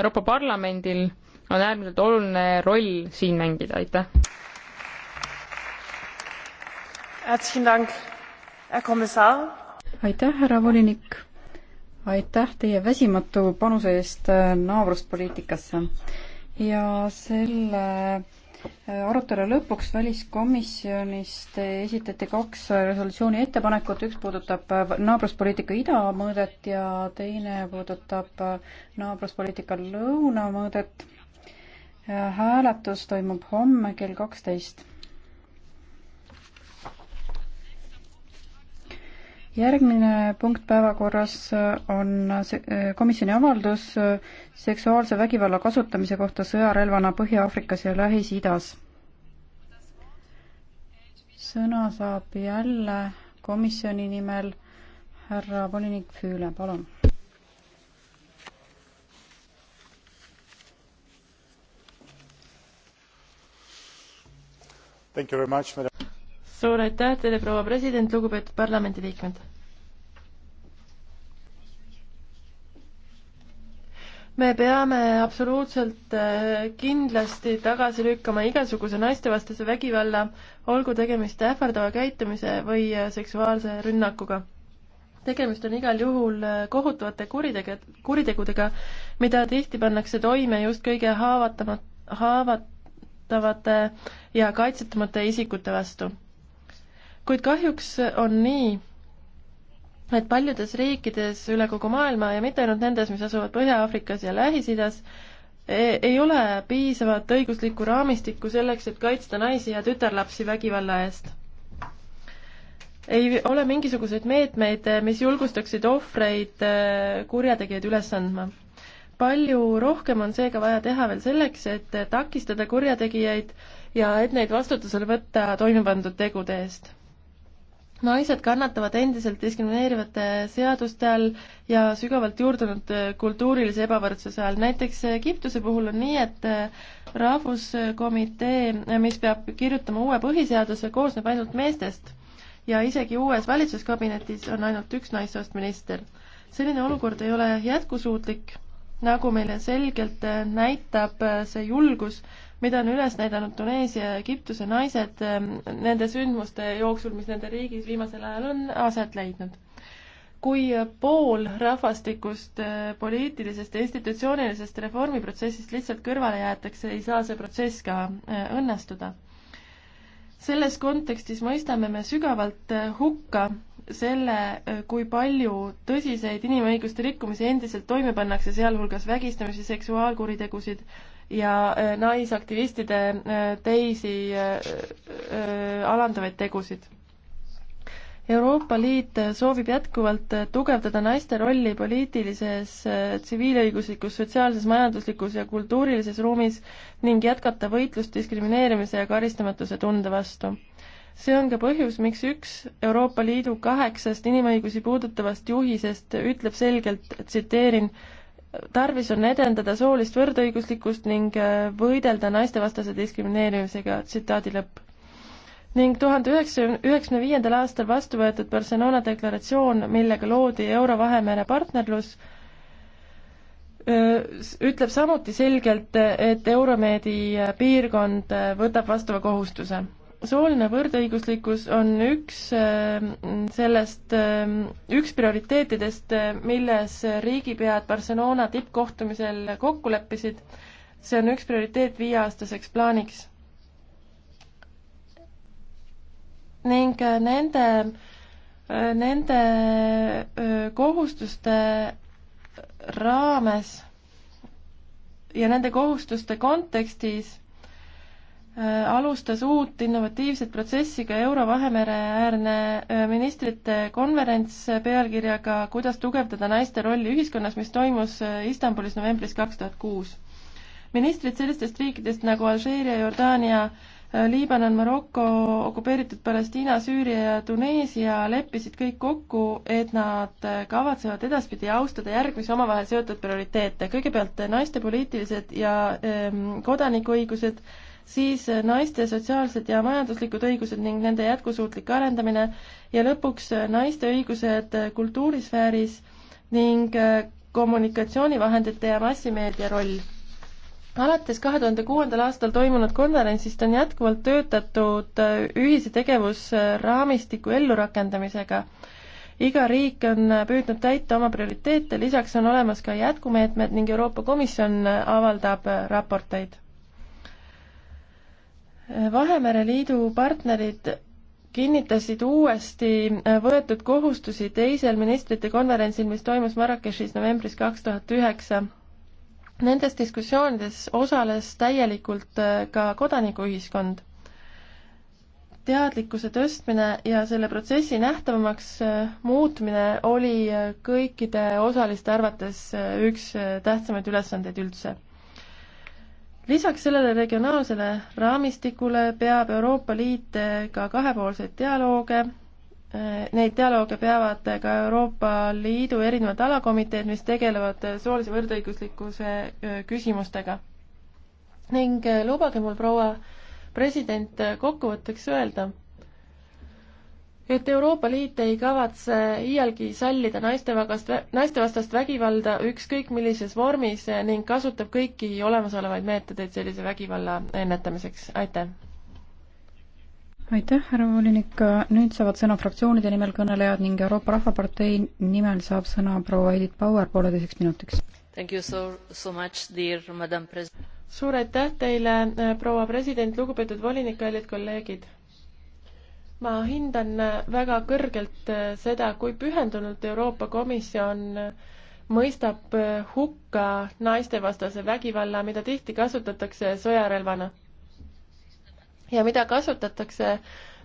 Euroopa Parlamendil on äärmiselt oluline roll siin mängida, aitäh. aitäh, härra volinik. aitäh teie väsimatu panuse eest äh, naabruspoliitikasse ja selle arutelu lõpuks väliskomisjonist esitati kaks resolutsiooni ettepanekut, üks puudutab äh, naabruspoliitika idamõõdet ja teine puudutab äh, naabruspoliitika lõunamõõdet. Äh, hääletus toimub homme kell kaksteist järgmine punkt päevakorras on komisjoni avaldus seksuaalse vägivalla kasutamise kohta sõjarelvana Põhja-Aafrikas ja Lähis-Idas. sõna saab jälle komisjoni nimel härra volinik Füüle, palun. Thank you very much, madam suur aitäh teile, proua president, lugupeetud parlamendiliikmed. me peame absoluutselt äh, kindlasti tagasi lükkama igasuguse naistevastase vägivalla, olgu tegemist ähvardava käitumise või äh, seksuaalse rünnakuga tegemist on igal juhul äh, kohutavate kuritege-, kuritegudega, mida tihti pannakse toime just kõige haavatamat-, haavatavate ja kaitsetumate isikute vastu kuid kahjuks on nii, et paljudes riikides üle kogu maailma ja mitte ainult nendes, mis asuvad Põhja-Aafrikas ja Lähis-Idas, e-, ei ole piisavat õiguslikku raamistikku selleks, et kaitsta naisi ja tütarlapsi vägivalla eest. ei ole mingisuguseid meetmeid, mis julgustaksid ohvreid e, kurjategijaid üles andma. palju rohkem on seega vaja teha veel selleks, et takistada kurjategijaid ja et neid vastutusele võtta toime pandud tegude eest naised kannatavad endiselt diskrimineerivate seaduste all ja sügavalt juurdunud kultuurilise ebavõrdsuse all. näiteks Egiptuse puhul on nii, et äh, rahvuskomitee, äh, mis peab kirjutama uue põhiseaduse, koosneb ainult meestest ja isegi uues valitsuskabinetis on ainult üks naissoost minister. selline olukord ei ole jätkusuutlik, nagu meile selgelt äh, näitab see julgus, mida on üles näidanud Tuneesia ja Egiptuse naised ehm, nende sündmuste jooksul, mis nende riigis viimasel ajal on aset leidnud kui pool rahvastikust ehm, poliitilisest ja institutsioonilisest reformiprotsessist lihtsalt kõrvale jäetakse, ei saa see protsess ka ehm, õnnestuda. selles kontekstis mõistame me sügavalt hukka selle, kui palju tõsiseid inimõiguste rikkumisi endiselt toime pannakse, sealhulgas vägistamisi, seksuaalkuritegusid ja äh, naisaktivistide äh, teisi äh, alandavaid tegusid. Euroopa Liit soovib jätkuvalt tugevdada naiste rolli poliitilises, tsiviilõiguslikus, sotsiaalses, majanduslikus ja kultuurilises ruumis ning jätkata võitlust diskrimineerimise ja karistamatuse tunde vastu see on ka põhjus, miks üks Euroopa Liidu kaheksast inimõigusi puudutavast juhisest ütleb selgelt, tsiteerin, tarvis on edendada soolist võrdõiguslikkust ning äh, võidelda naistevastase diskrimineerimisega, tsitaadi lõpp. ning tuhande üheksasaja üheksakümne viiendal aastal vastu võetud Barcelona deklaratsioon, millega loodi Euro-Vahemere partnerlus, äh, ütleb samuti selgelt, et Euromeedi äh, piirkond võtab vastava kohustuse sooline võrdõiguslikkus on üks ähm, sellest, ähm, üks prioriteetidest, äh, milles riigipead Barcelona tippkohtumisel kokku leppisid. see on üks prioriteet viieaastaseks plaaniks. ning äh, nende, äh, nende kohustuste raames ja nende kohustuste kontekstis Äh, alustas uut innovatiivset protsessi ka Euro-Vahemere-äärne äh, ministrite konverents äh, pealkirjaga Kuidas tugevdada naiste rolli ühiskonnas, mis toimus Istanbulis novembris kaks tuhat kuus. ministrid sellistest riikidest nagu Alžeeria, Jordaania, Liibanon, Maroko, okupeeritud Palestiina, Süüria ja Tuneesia leppisid kõik kokku, et nad kavatsevad edaspidi austada järgmisi omavahel seotud prioriteete. kõigepealt naiste poliitilised ja ähm, kodanikuõigused äh,, siis äh, naiste sotsiaalsed ja majanduslikud õigused ning nende jätkusuutlik arendamine ja lõpuks äh, naiste õigused äh, kultuurisfääris ning kommunikatsioonivahendite ja massimeedia roll. alates kahe tuhande kuuendal aastal toimunud konverentsist on jätkuvalt töötatud ühise tegevusraamistiku ellurakendamisega iga riik on püüdnud täita oma prioriteete, lisaks on olemas ka jätkumeetmed ning Euroopa Komisjon avaldab raporteid Vahemere Liidu partnerid kinnitasid uuesti äh, võetud kohustusi teisel ministrite konverentsil, mis toimus Marrakechis novembris kaks tuhat üheksa. Nendes diskussioonides osales täielikult äh, ka kodanikuühiskond. teadlikkuse tõstmine ja selle protsessi nähtavamaks äh, muutmine oli kõikide osaliste arvates üks tähtsamaid ülesandeid üldse lisaks sellele regionaalsele raamistikule peab Euroopa Liit ka kahepoolseid dialoog, neid dialoog peavad ka Euroopa Liidu erinevad alakomiteed, mis tegelevad soolise võrdõiguslikkuse küsimustega. ning lubage mul, proua president, kokkuvõtteks öelda, et Euroopa Liit ei kavatse iialgi sallida naistevagast, naistevastast vägivalda ükskõik millises vormis ning kasutab kõiki olemasolevaid meetodeid sellise vägivalla ennetamiseks, aitäh! aitäh, härra volinik, nüüd saavad sõna fraktsioonide nimel kõnelejad ning Euroopa Rahvapartei nimel saab sõna proua Edith Bauer pooleteiseks minutiks. Thank you so, so much, dear madam president. suur aitäh teile, proua president, lugupeetud volinik, kallid kolleegid ma hindan väga kõrgelt seda, kui pühendunult Euroopa Komisjon mõistab hukka naistevastase vägivalla, mida tihti kasutatakse sõjarelvana ja mida kasutatakse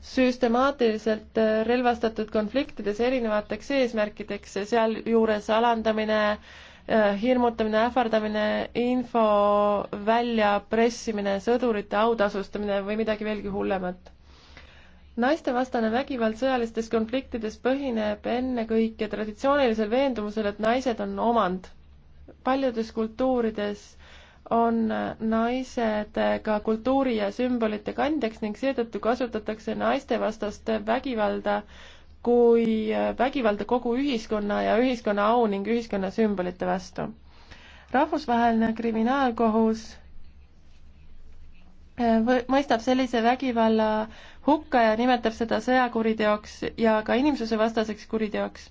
süstemaatiliselt relvastatud konfliktides erinevateks eesmärkideks, sealjuures alandamine, hirmutamine, ähvardamine, info väljapressimine, sõdurite autasustamine või midagi veelgi hullemat naistevastane vägivald sõjalistes konfliktides põhineb ennekõike traditsioonilisel veendumusel, et naised on omand. paljudes kultuurides on naised ka kultuuri ja sümbolite kandjaks ning seetõttu kasutatakse naistevastast vägivalda kui vägivalda kogu ühiskonna ja ühiskonna au ning ühiskonna sümbolite vastu. rahvusvaheline kriminaalkohus Äh, mõistab sellise vägivalla hukka ja nimetab seda sõjakuriteoks ja ka inimsusevastaseks kuriteoks.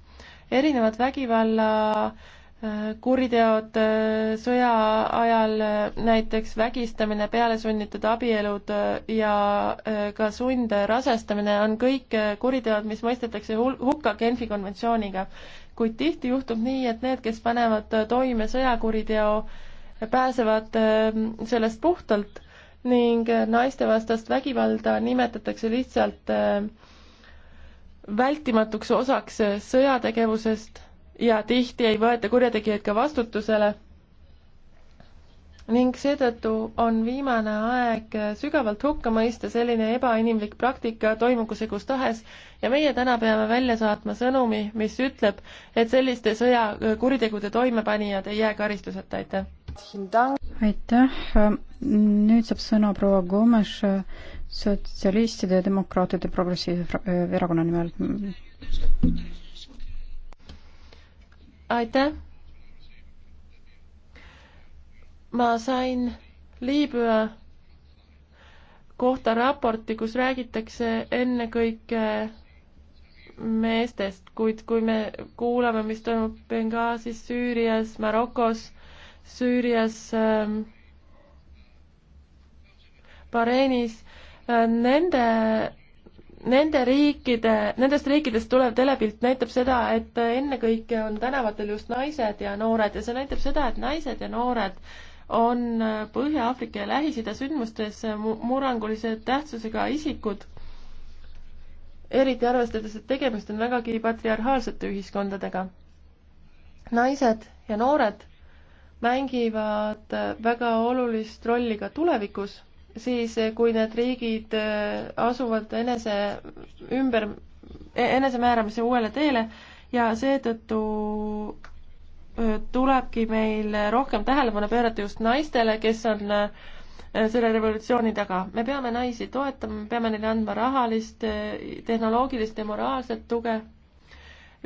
erinevad vägivalla äh, kuriteod äh, sõja ajal, näiteks vägistamine, pealesunnitud abielud ja ka sundrasestamine on kõik kuriteod, mis mõistetakse hukka Genfi konventsiooniga. kuid tihti juhtub nii, et need, kes panevad toime sõjakuriteo, pääsevad sellest puhtalt ning äh, naistevastast vägivalda nimetatakse lihtsalt äh, vältimatuks osaks äh, sõjategevusest ja tihti ei võeta kurjategijaid ka vastutusele. ning seetõttu on viimane aeg sügavalt hukka mõista selline ebainimlik praktika, toimugu see kus tahes, ja meie täna peame välja saatma sõnumi, mis ütleb, et selliste sõjakuritegude toimepanijad ei jää karistuseta, aitäh! aitäh, nüüd saab sõna proua Gomes sotsialistide ja demokraatide progressiivse erakonna nimel. aitäh. ma sain Liibüa kohta raporti, kus räägitakse ennekõike meestest, kuid kui me kuulame, mis toimub Benghazis, Süürias, Marokos, Süürias, ähm, Bahreinis, äh, nende, nende riikide, nendest riikidest tulev telepilt näitab seda, et äh, ennekõike on tänavatel just naised ja noored ja see näitab seda, et naised ja noored on äh, Põhja-Aafrika ja Lähis-Ida sündmustes murrangulise tähtsusega isikud, eriti arvestades, et tegemist on vägagi patriarhaalsete ühiskondadega. naised ja noored mängivad väga olulist rolli ka tulevikus, siis kui need riigid äh, asuvad enese ümber, e-, enesemääramise uuele teele ja seetõttu äh, tulebki meil rohkem tähelepanu pöörata just naistele, kes on äh, selle revolutsiooni taga. me peame naisi toetama, me peame neile andma rahalist, tehnoloogilist ja moraalset tuge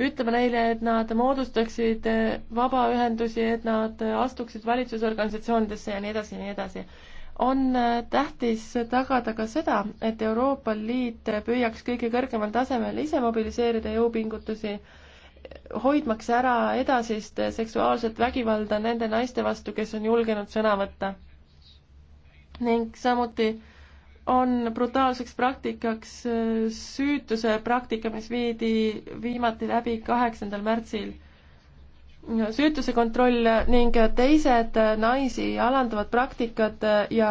ütlema neile, et nad moodustaksid eh, vabaühendusi, et nad eh, astuksid valitsusorganisatsioonidesse ja nii edasi ja nii edasi. on eh, tähtis tagada ka seda, et Euroopa Liit püüaks kõige kõrgemal tasemel ise mobiliseerida jõupingutusi, hoidmaks ära edasist seksuaalset vägivalda nende naiste vastu, kes on julgenud sõna võtta. ning samuti on brutaalseks praktikaks äh, süütuse praktika, mis viidi viimati läbi kaheksandal märtsil. süütuse kontroll ning teised naisi alandavad praktikad ja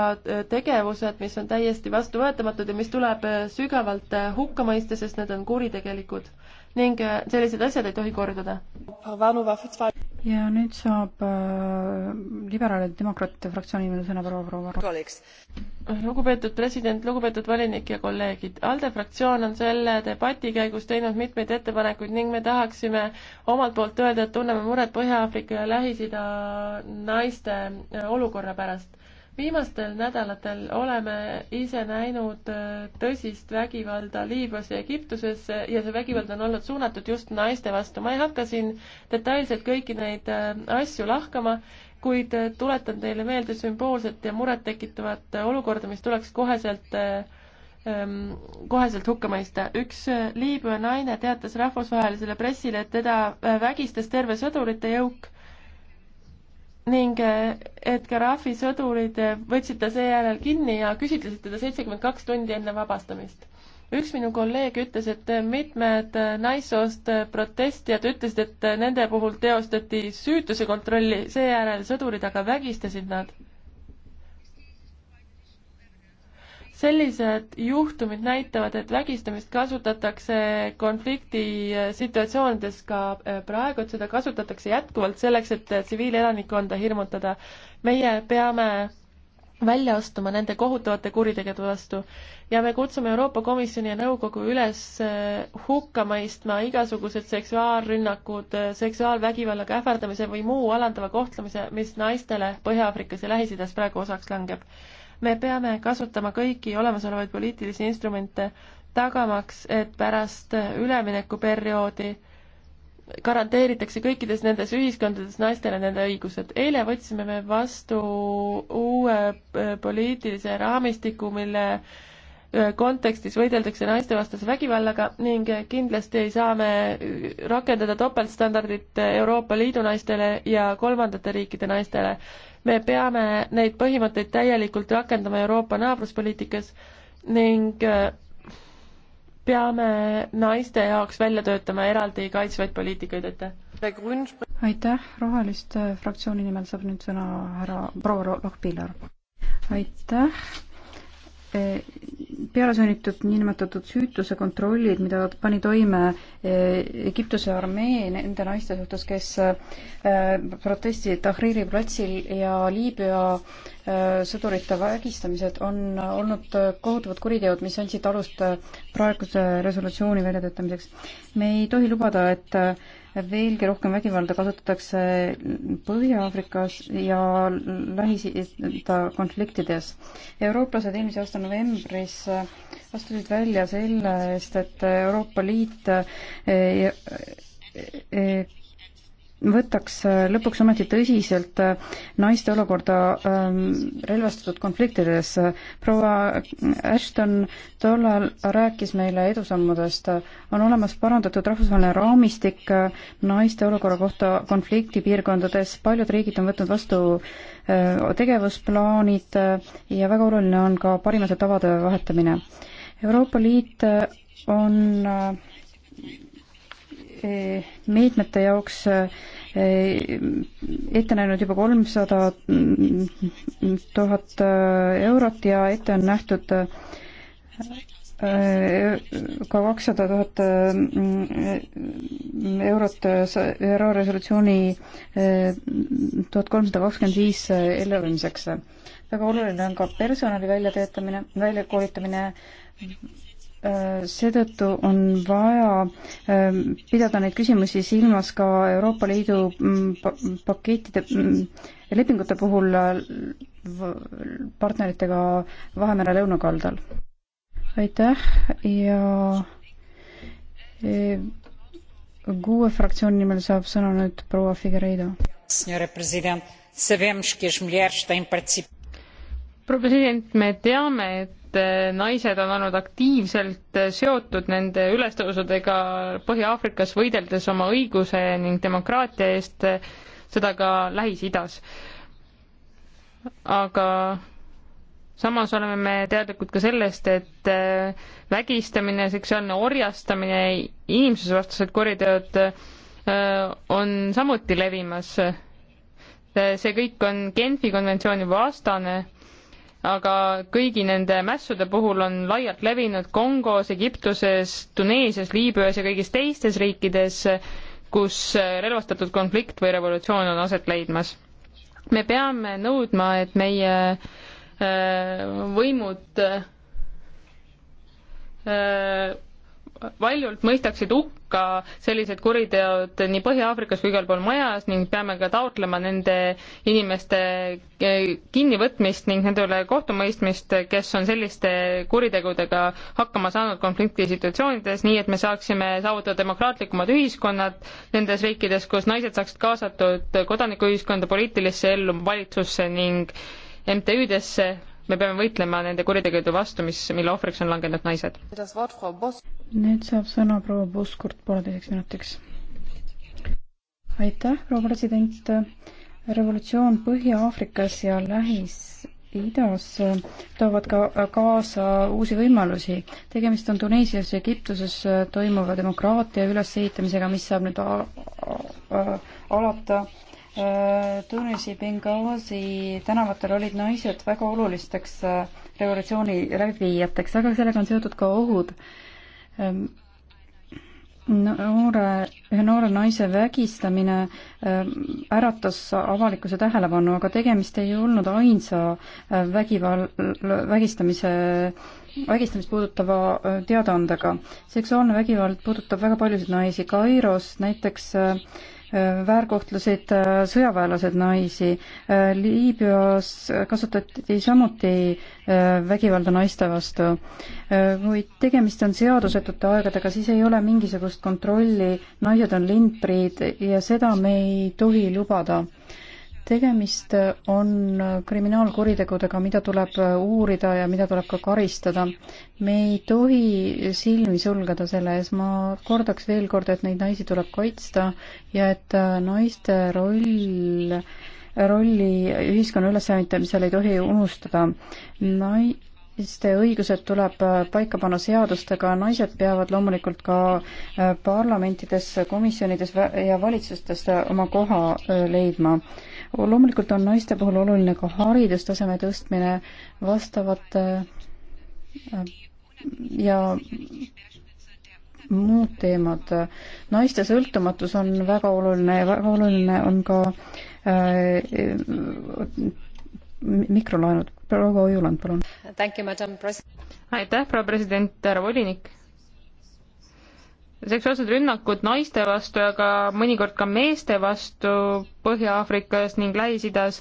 tegevused, mis on täiesti vastuvõetamatud ja mis tuleb sügavalt hukka mõista, sest need on kuritegelikud ning äh, sellised asjad ei tohi korduda. ja nüüd saab äh, liberaalide demokraatide fraktsiooni nimel sõna proua proua. lugupeetud president, lugupeetud volinik ja kolleegid, ALDE fraktsioon on selle debati käigus teinud mitmeid ettepanekuid ning me tahaksime omalt poolt öelda, et tunneme muret Põhja-Aafrika ja Lähis-Ida naiste äh, olukorra pärast viimastel nädalatel oleme ise näinud äh, tõsist vägivalda Liibüas ja Egiptuses ja see vägivald on olnud suunatud just naiste vastu. ma ei hakka siin detailselt kõiki neid äh, asju lahkama, kuid äh, tuletan teile meelde sümboolset ja murettekitavat olukorda, mis tuleks koheselt ähm, koheselt hukka mõista. üks Liibüa naine teatas rahvusvahelisele pressile, et teda vägistas terve sõdurite jõuk ning eh, et Gaddafi sõdurid eh, võtsid ta seejärel kinni ja küsitlesid teda seitsekümmend kaks tundi enne vabastamist. üks minu kolleeg ütles, et eh, mitmed naissoost protestijad ütlesid, et nende puhul teostati süütuse kontrolli, seejärel sõdurid aga vägistasid nad sellised juhtumid näitavad, et vägistamist kasutatakse konfliktisituatsioonides äh, ka äh, praegu, et seda kasutatakse jätkuvalt selleks, et äh, tsiviilelanikkonda hirmutada. meie peame välja astuma nende kohutavate kuritegude vastu ja me kutsume Euroopa Komisjoni ja Nõukogu üles hukka mõistma igasugused seksuaalrünnakud, seksuaalvägivallaga ähvardamise või muu alandava kohtlemise, mis naistele Põhja-Aafrikas ja Lähis-Idas praegu osaks langeb me peame kasutama kõiki olemasolevaid poliitilisi instrumente, tagamaks, et pärast üleminekuperioodi garanteeritakse kõikides nendes ühiskondades naistele nende õigused. eile võtsime me vastu uue äh, poliitilise raamistiku, mille kontekstis võideldakse naistevastase vägivallaga ning kindlasti ei saa me rakendada topeltstandardit Euroopa Liidu naistele ja kolmandate riikide naistele. me peame neid põhimõtteid täielikult rakendama Euroopa naabruspoliitikas ning peame naiste jaoks välja töötama eraldi kaitsvaid poliitikaid, aitäh! aitäh, Roheliste fraktsiooni nimel saab nüüd sõna härra proua Lohpilar. aitäh! Äh, pealesunnitud niinimetatud süütuse kontrollid, mida pani toime äh, Egiptuse armee nende naiste suhtes, kes äh, protestisid Tahriri platsil ja Liibüa sõdurite vägistamised on olnud kohutavad kuriteod, mis andsid alust praeguse resolutsiooni väljatöötamiseks. me ei tohi lubada, et veelgi rohkem vägivalda kasutatakse Põhja-Aafrikas ja Lähis-Ida konfliktides. eurooplased eelmise aasta novembris astusid välja selle eest, et Euroopa Liit võtaks äh, lõpuks ometi tõsiselt äh, naiste olukorda ähm, relvastatud konfliktides. proua Ashton tollal rääkis meile edusammudest. on olemas parandatud rahvusvaheline raamistik äh, naiste olukorra kohta konfliktipiirkondades, paljud riigid on võtnud vastu tegevusplaanid ja väga oluline on ka parimate tavade vahetamine. Euroopa Liit on meetmete jaoks äh, ette näinud juba kolmsada mm, tuhat äh, eurot ja ette on nähtud äh, ka kakssada tuhat mm, eurot ÜRO resolutsiooni tuhat kolmsada kakskümmend viis elluviimiseks. väga oluline on ka personali väljatöötamine, väljakoolitamine, Äh, seetõttu on vaja ähm, pidada neid küsimusi silmas ka Euroopa Liidu mm, pakettide, mm, lepingute puhul äh, partneritega Vahemere lõunakaldal. aitäh ja GUE äh, fraktsiooni nimel saab sõna nüüd proua Figueiredo. proua president, me teame, et Eh, naised on olnud aktiivselt eh, seotud nende ülestõusudega Põhja-Aafrikas, võideldes oma õiguse ning demokraatia eest, eh, seda ka Lähis-Idas. aga samas oleme me teadlikud ka sellest, et vägistamine, seksuaalne orjastamine, inimsusevastased kuriteod on samuti levimas. see kõik on Genfi konventsiooni vastane aga kõigi nende mässude puhul on laialt levinud Kongos, Egiptuses, Tuneesias, Liibüas ja kõigis teistes riikides, kus relvastatud konflikt või revolutsioon on aset leidmas. me peame nõudma, et meie äh, võimud äh, valjult mõistaksid hukka sellised kuriteod nii Põhja-Aafrikas kui igal pool majas ning peame ka taotlema nende inimeste eh, kinnivõtmist ning nende üle kohtumõistmist, kes on selliste kuritegudega hakkama saanud konfliktisituatsioonides, nii et me saaksime saavutada demokraatlikumad ühiskonnad nendes riikides, kus naised saaksid kaasatud kodanikuühiskonda, poliitilisse ellu, valitsusse ning MTÜ-desse me peame võitlema nende kuritegude vastu, mis, mille ohvriks on langenud naised. nüüd saab sõna proua Buskurt pooleteiseks minutiks. aitäh, proua president. revolutsioon Põhja-Aafrikas ja Lähis idas toovad ka kaasa uusi võimalusi. tegemist on Tuneesias ja Egiptuses toimuva demokraatia ülesehitamisega, mis saab nüüd alata Äh, Tunisi Benghazi tänavatel olid naised väga olulisteks äh, revolutsiooni läbiviijateks, aga sellega on seotud ka ohud. Ähm, noore, ühe noore naise vägistamine ähm, äratas avalikkuse tähelepanu, aga tegemist ei olnud ainsa äh, vägival-, vägistamise vägistamist puudutava teadaandega. seksuaalne vägivald puudutab väga paljusid naisi. Kairos näiteks äh, väärkohtlesid äh, sõjaväelased naisi. Äh, Liibüas kasutati samuti äh, vägivalda naiste vastu. kui tegemist on seadusetute aegadega, siis ei ole mingisugust kontrolli, naised on lindpriid ja seda me ei tohi lubada tegemist on kriminaalkuritegudega, mida tuleb uurida ja mida tuleb ka karistada. me ei tohi silmi sulgeda selle ees, ma kordaks veel kord, et neid naisi tuleb kaitsta ja et naiste roll, rolli ühiskonna ülesehitamisel ei tohi unustada. Nai-, naiste õigused tuleb paika panna seadustega, naised peavad loomulikult ka eh, parlamentides, komisjonides ja valitsustes oma koha eh, leidma loomulikult on naiste puhul oluline ka haridustaseme tõstmine vastavate äh, ja muud teemad. naiste sõltumatus on väga oluline ja väga oluline on ka äh, mikrolaenud. proua Ojuland, palun. aitäh, proua president, härra volinik seksuaalsed rünnakud naiste vastu, aga mõnikord ka meeste vastu Põhja-Aafrikas ning Lähis-Idas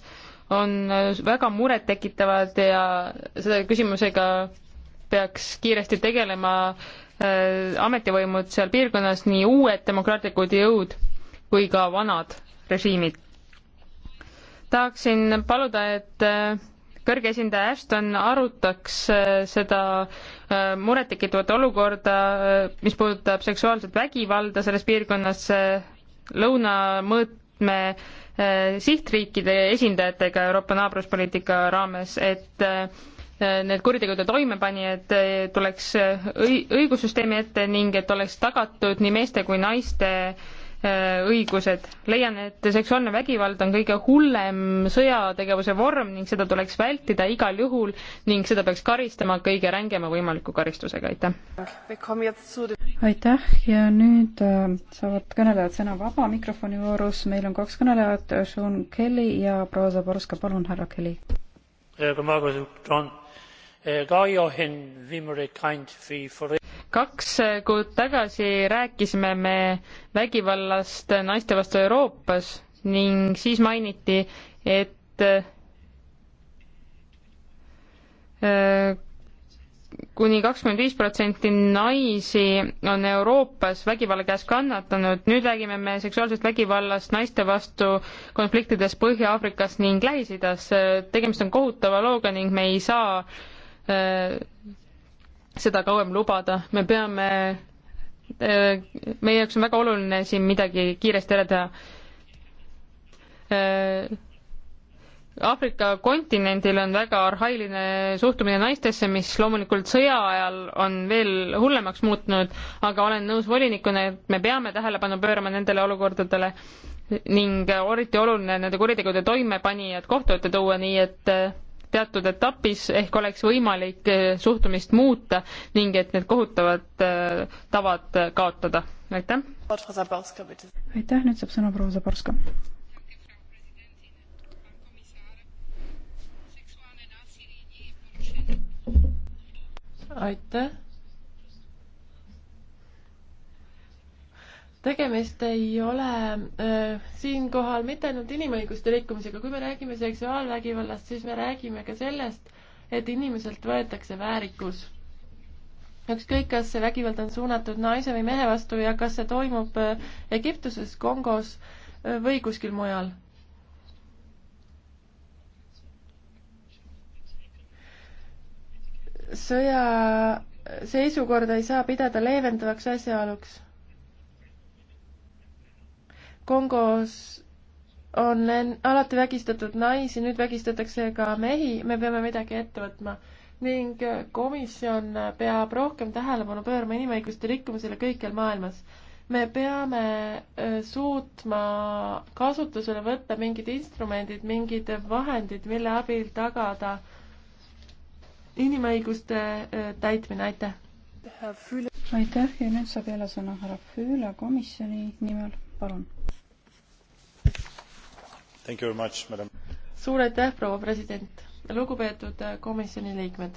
on äh, väga murettekitavad ja selle küsimusega peaks kiiresti tegelema äh, ametivõimud seal piirkonnas, nii uued demokraatlikud jõud kui ka vanad režiimid. tahaksin paluda, et äh, kõrge esindaja Ashton arutaks äh, seda äh, murettekitavat olukorda, äh, mis puudutab seksuaalset vägivalda selles piirkonnas lõunamõõtme sihtriikide esindajatega Euroopa naabruspoliitika raames, et need kuritegude toimepanijad tuleks õi-, õigussüsteemi ette ning et oleks tagatud nii meeste kui naiste äh, Äh, õigused. leian, et seksuaalne vägivald on kõige hullem sõjategevuse vorm ning seda tuleks vältida igal juhul ning seda peaks karistama kõige rängema võimaliku karistusega, aitäh. aitäh ja nüüd äh, saavad kõnelejad sõna vaba mikrofoni voorus, meil on kaks kõnelejat, Sean Kelly ja proua Zaborska, palun härra Kelly. Äh, John, ka jo hin viimane kind vi for kaks kuud tagasi rääkisime me vägivallast naiste vastu Euroopas ning siis mainiti, et äh, kuni kakskümmend viis protsenti naisi on Euroopas vägivalla käes kannatanud, nüüd räägime me seksuaalsest vägivallast naiste vastu konfliktides Põhja-Aafrikas ning Lähis-Idas. tegemist on kohutava looga ning me ei saa äh, seda kauem lubada, me peame, meie jaoks on väga oluline siin midagi kiiresti ära teha. Aafrika kontinendil on väga arhailine suhtumine naistesse, mis loomulikult sõja ajal on veel hullemaks muutnud, aga olen nõus volinikuna, et me peame tähelepanu pöörama nendele olukordadele ning eriti oluline nende kuritegude toimepanijad kohtu ette tuua, nii et teatud etapis ehk oleks võimalik eh, suhtumist muuta ning et need kohutavad eh, tavad kaotada. aitäh. aitäh, nüüd saab sõna proua Zaborska. aitäh tegemist ei ole äh, siinkohal mitte ainult inimõiguste rikkumisega, kui me räägime seksuaalvägivallast, siis me räägime ka sellest, et inimeselt võetakse väärikus. ükskõik, kas see vägivald on suunatud naise või mehe vastu ja kas see toimub äh, Egiptuses, Kongos äh, või kuskil mujal. sõja seisukorda ei saa pidada leevendavaks asjaoluks Kongos on alati vägistatud naisi, nüüd vägistatakse ka mehi, me peame midagi ette võtma ning äh, komisjon äh, peab rohkem tähelepanu pöörama inimõiguste rikkumisele kõikjal maailmas. me peame äh, suutma kasutusele võtta mingid instrumendid, mingid vahendid, mille abil tagada inimõiguste täitmine, aitäh! aitäh ja nüüd saab jälle sõna härra Füüle komisjoni nimel, palun! suur aitäh, proua president, lugupeetud komisjoni liikmed.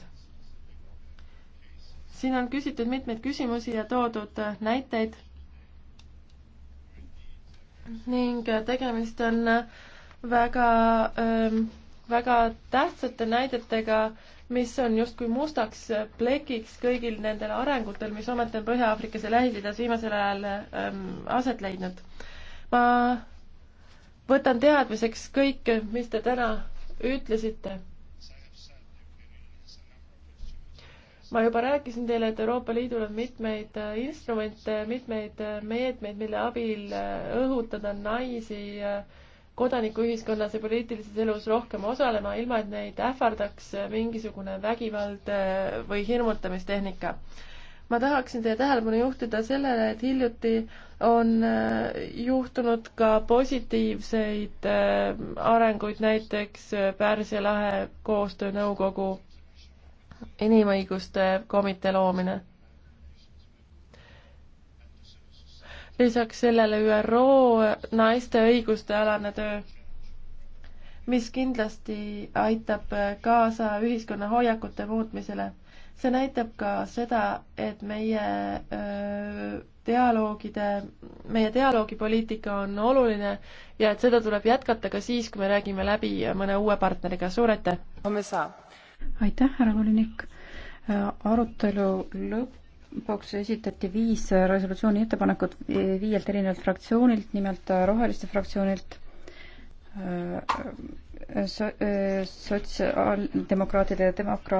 siin on küsitud mitmeid küsimusi ja toodud näiteid ning tegemist on väga ähm, väga tähtsate näidetega, mis on justkui mustaks plekiks kõigil nendel arengutel, mis ometi on Põhja-Aafrikas ja Lähis-Idas viimasel ajal ähm, aset leidnud. ma võtan teadmiseks kõike, mis te täna ütlesite. ma juba rääkisin teile, et Euroopa Liidul on mitmeid äh, instrumente, mitmeid äh, meetmeid, mille abil äh, õhutada naisi kodanikuühiskonnas ja poliitilises elus rohkem osalema, ilma et neid ähvardaks mingisugune vägivald või hirmutamistehnika ma tahaksin teie tähelepanu juhtida sellele, et hiljuti on äh, juhtunud ka positiivseid äh, arenguid, näiteks äh, Pärsia lahe koostöönõukogu inimõiguste komitee loomine. lisaks sellele ÜRO naiste õiguste alane töö, mis kindlasti aitab kaasa ühiskonna hoiakute muutmisele see näitab ka seda, et meie dialoogide, meie dialoogipoliitika on oluline ja et seda tuleb jätkata ka siis, kui me räägime läbi mõne uue partneriga, suur aitäh! aitäh, härra volinik! arutelu lõpuks esitati viis resolutsiooni ettepanekut viielt erinevalt fraktsioonilt, nimelt Roheliste fraktsioonilt, sotsiaaldemokraatide ja demokraatide